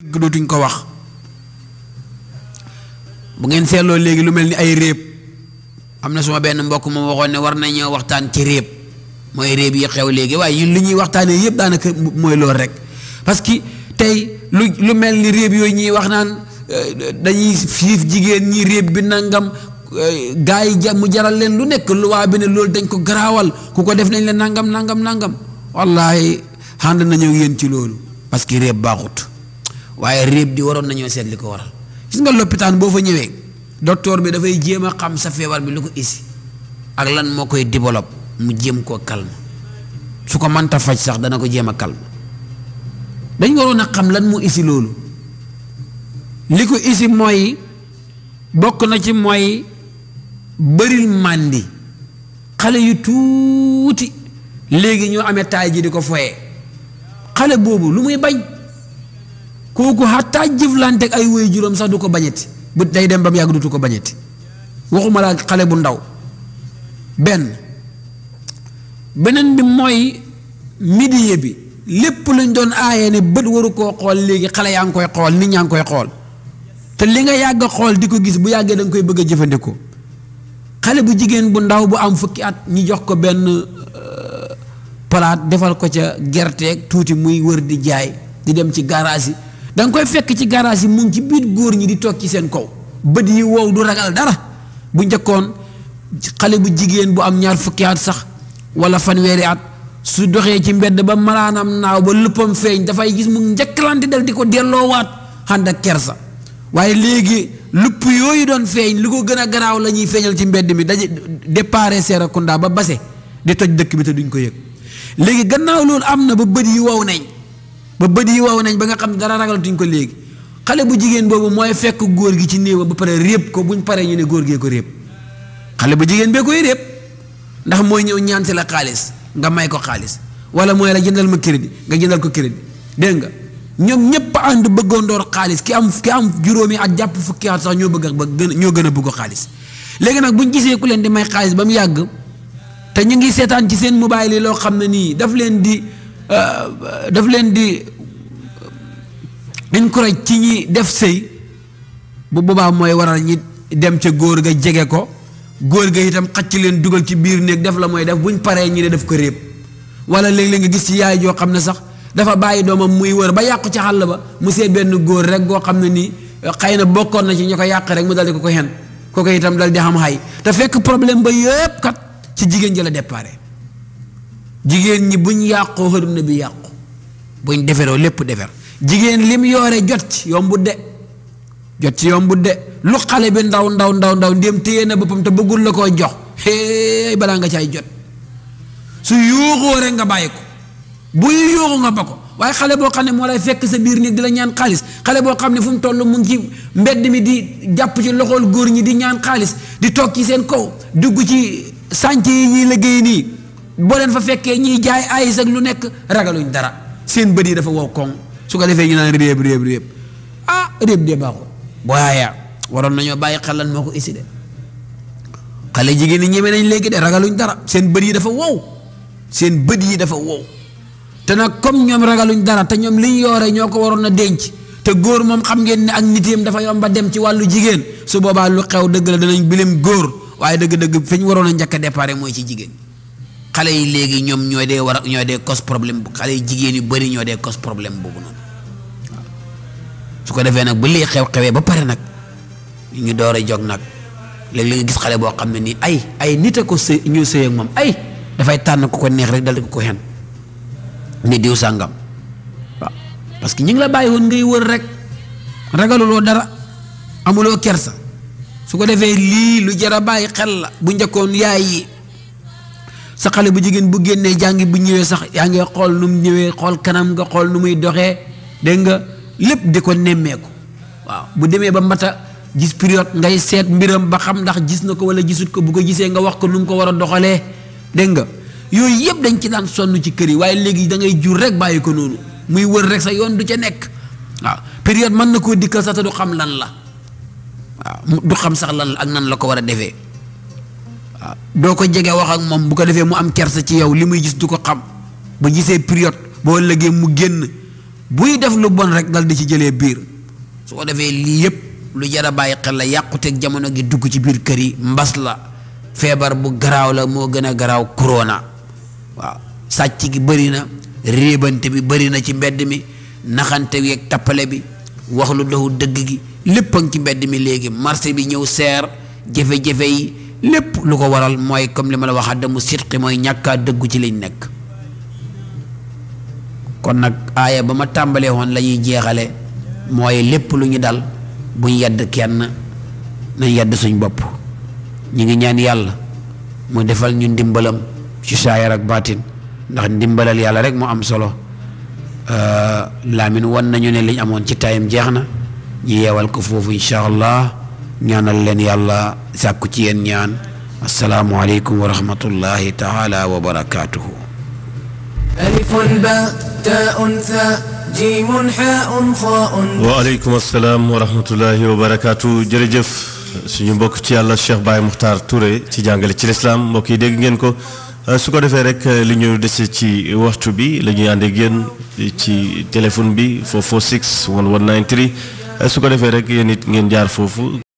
dootuñ ko wax bu ngeen seetloo léegi lu mel ni ay réeb am na suma benn mbokk moom waxoon ne war nañoo waxtaan ci réeb mooy réeb yi xew léegi waaye yi li ñuy waxtaanee yëpp daanaka mooy loolu rek parce que tey lu lu mel ni réeb yooyu ñuy wax naan euh, dañuy fiif jigéen ñi réeb bi nangam euh, gaa yi ja mu jaral leen lu nekk luwaa bi ne loolu dañ ko garaawal ku ko def nañ la nangam nangam nangam wallahi ànd nañoo yéen ci loolu parce que réeb baaxut waye reeb di waron nañu seet liko waral gis nga l'hôpital bo fa ñëwee docteur bi da fay jema xam sa bi luko isi ak lan mo koy develop mu jëm ko calme su ko ta fajj sax dana ko jema a calme dañ nga wona xam lan mo isi lulu. Liku isi moy bok na ci moy beuril mandi xale yu tuuti legi ñu amé tay ji di foyé xale bobu lu muy bañ koku hatta ak ay wéy juróom sax duko ko bañeti bu day dem bam yag yàgg dutu bundau. bañeti waxuma la xale bu ndaw ben benen bi mooy midiye bi lepp luñ doon ayé ne beut waru ko xol legi xale yang koy xol nit ñang koy xol te li nga yag xol diko gis bu yagge dang koy bëgg jëfëndiko xale bu jigen bu ndaw bu am fukki at ñi jox ko ben euh, palaat defal ko ca ak tuuti muy wër di jaay di dem ci garage danga koy fekk ci garage yi mu ngi ci biir góor ñi di toog ci seen kaw bët yi wow du ragal dara bu njëkkoon xale bu jigéen bu am ñaar fukki at sax wala fanweeri at su doxee ci mbedd ba malaanam naaw ba lëppam feeñ dafay gis mu njëkkalante dal di ko delloowaat xànd ak kersa waaye léegi lupp yooyu doon feeñ li ko gën a garaaw la ñuy feeñal ci mbedd mi daje dépare Serekunda ba base di toj dëkk bi te duñ ko yëg léegi gannaaw loolu am na ba bët yi wow nañ ba bët yi waw nañ ba nga xam dara ragal duñ ko leg xale bu jigen bobu moy fekk goor gi ci ba pare reep ko buñ paree ñu ne goor gi ko reep xale bu jigen be koy reep ndax moy ñew ñaan ci la xaliss nga may ko xaliss wala moy la jëndal ma crédit nga jëndal ko crédit de nga ñom ñepp and bëggoon door xaliss ki am ki am juroomi ak japp fukki at sax ñoo bëgg ñoo a bëgg xaalis buñ gisee ku leen di may xaliss ba yagg te ñu ngi sétane ci seen mobile yi loo daf leen di Euh, daf leen di encourage ci ñi def sëy bu boobaa mooy waral ñi dem ca góor ga jege ko góor ga itam ci leen dugal ci biir néeg def la mooy def buñ paree ñi ne def ko réeb wala léeg-léeg nga gis ci yaay joo xam ne sax dafa bàyyi doomam muy wër ba yàqu ci xàll ba mu see benn góor rek goo xam ne nii xëy na bokkoon na ci ñu ko yàq rek mu dal di ko ko xen kooku itam dal di xam xay te fekk problème ba yëpp kat ci jigéen ji la déparé jigéen ñi buñ yàqoo xërum na bi yàqu buñ deferoo lépp defer jigéen lim yoore jot ci yombu de jot ci yombu de lu xale bi ndaw ndaw ndaw ndaw ndéem téye na boppam te bëggul la koo jox hey balaa nga caay jot su yuuxoo rek nga bàyyi ko buy yuuxu nga ba ko waaye xale boo xam ne moo lay fekk sa biir nit di la ñaan xaalis xale boo xam ne fu mu toll mu ngi ci mbedd mi di jàpp ci loxool góor ñi di ñaan xaalis di toog ci seen kaw dugg ci sànc yi ñuy liggéey nii bo len fa fekke ñi jaay ayis ak lu nek ragaluñ dara seen beedi dafa wow kong su ko defé ñu nan reeb reeb reeb ah reeb de baaxul waaye waron nañu bàyyi xelan isi de xale jigeen ñi ñeme nañ léegi de ragaluñ dara seen beedi dafa wow seen beedi dafa wow te nak comme ñom ragaluñ dara te ñom liñ yoré ñoko waron na denc te góor mom xam ngeen ni ak nitiyam dafa yomba dem ci walu jigeen su boba lu xew deug la bilim gur waye deug deug fiñ waron na ñaka njëkk a déparé ci jigeen xale yi léegi ñoom ñoo dee war ñoo dee cos problème bu xale yi jigéen yu bëri ñoo dee cause problème boobu noonu su ko defee nag bu lii xew-xewee ba pare nag ñu door a jóg nag léegi la nga xale boo xam ne nii ay ay nit a ko ñu sëy moom ay dafay tànn ku ko neex rek dal ko ko xen ne que ñi ngi la bàyyi woon ngay wër rek ragaluloo dara amuloo kersa su ko lu jar bàyyi xel la bu njëkkoon yaay yi sa xale bu jigéen bu génnee jàngi bu ñëwee sax yaa ngi xool nu mu ñëwee xool kanam nga xool nu muy doxee dégg nga lépp di ko nemmeeku waaw bu demee ba mata gis période ngay seet mbiram ba xam ndax gis na ko wala gisut ko bu ko gisee nga wax ko nu mu ko war a doxalee dégg nga yooyu yëpp dañ ci daan sonn ci kër yi waaye léegi da ngay jur rek bàyyi ko noonu muy wër rek sax yoon du ca nekk waaw période mën na koo dikkal sax te du xam lan la waaw du xam sax lan ak nan la ko war a defee. doo ko jege wax ak moom bu ko defee mu am sa ci yow li muy gis du ko xam ba gisee période boo lëggee mu génn buy def lu bon rek dal di ci jëlee biir su defee lii yépp lu jar a bàyyi xel la yàquteeg jamono gi dugg ci biir kër yi mbas la feebar bu garaaw la moo gën a garaaw corona waaw sàcc gi bëri na réebante bi bëri na ci mbedd mi naxante wi ak tappale bi wax lu doxu dëgg gi lépp a ci mbedd mi léegi marché bi ñëw seer jafe-jafe yi lépp lu ko waral mooy comme li ma la wax mu sidqi mooy ñàkkaa dëggu ci liñ nekk kon nag aaya ba ma tàmbalee woon lañuy jeexale mooy lépp lu ñu dal buñ yedd kenn nañ yedd suñ bopp ñu ngi ñaan yàlla mu defal ñu ndimbalam ci saayar ak baatin ndax ndimbalal yàlla rek mu am solo euh, laamin won nañu ne liñ amoon ci tayam jeex na ñu yeewal ko foofu incha ñaanal leen yàlla sàkku ci yéen ñaan asalaamualeykum wa rahmatullahi taala wa barakaatuhu ألف باء تاء ثاء wa حاء خاء وعليكم السلام ورحمة الله وبركاته جرجف suñu mbokk ci yàlla Cheikh Baye Moukhtar Touré ci jàngale ci lislaam mbokk yi dégg ngeen ko su ko defee rek li ñu dese ci waxtu bi la ñuy ànd ak ci téléphone bi 446 1193 su ko defee rek yéen it ngeen jaar foofu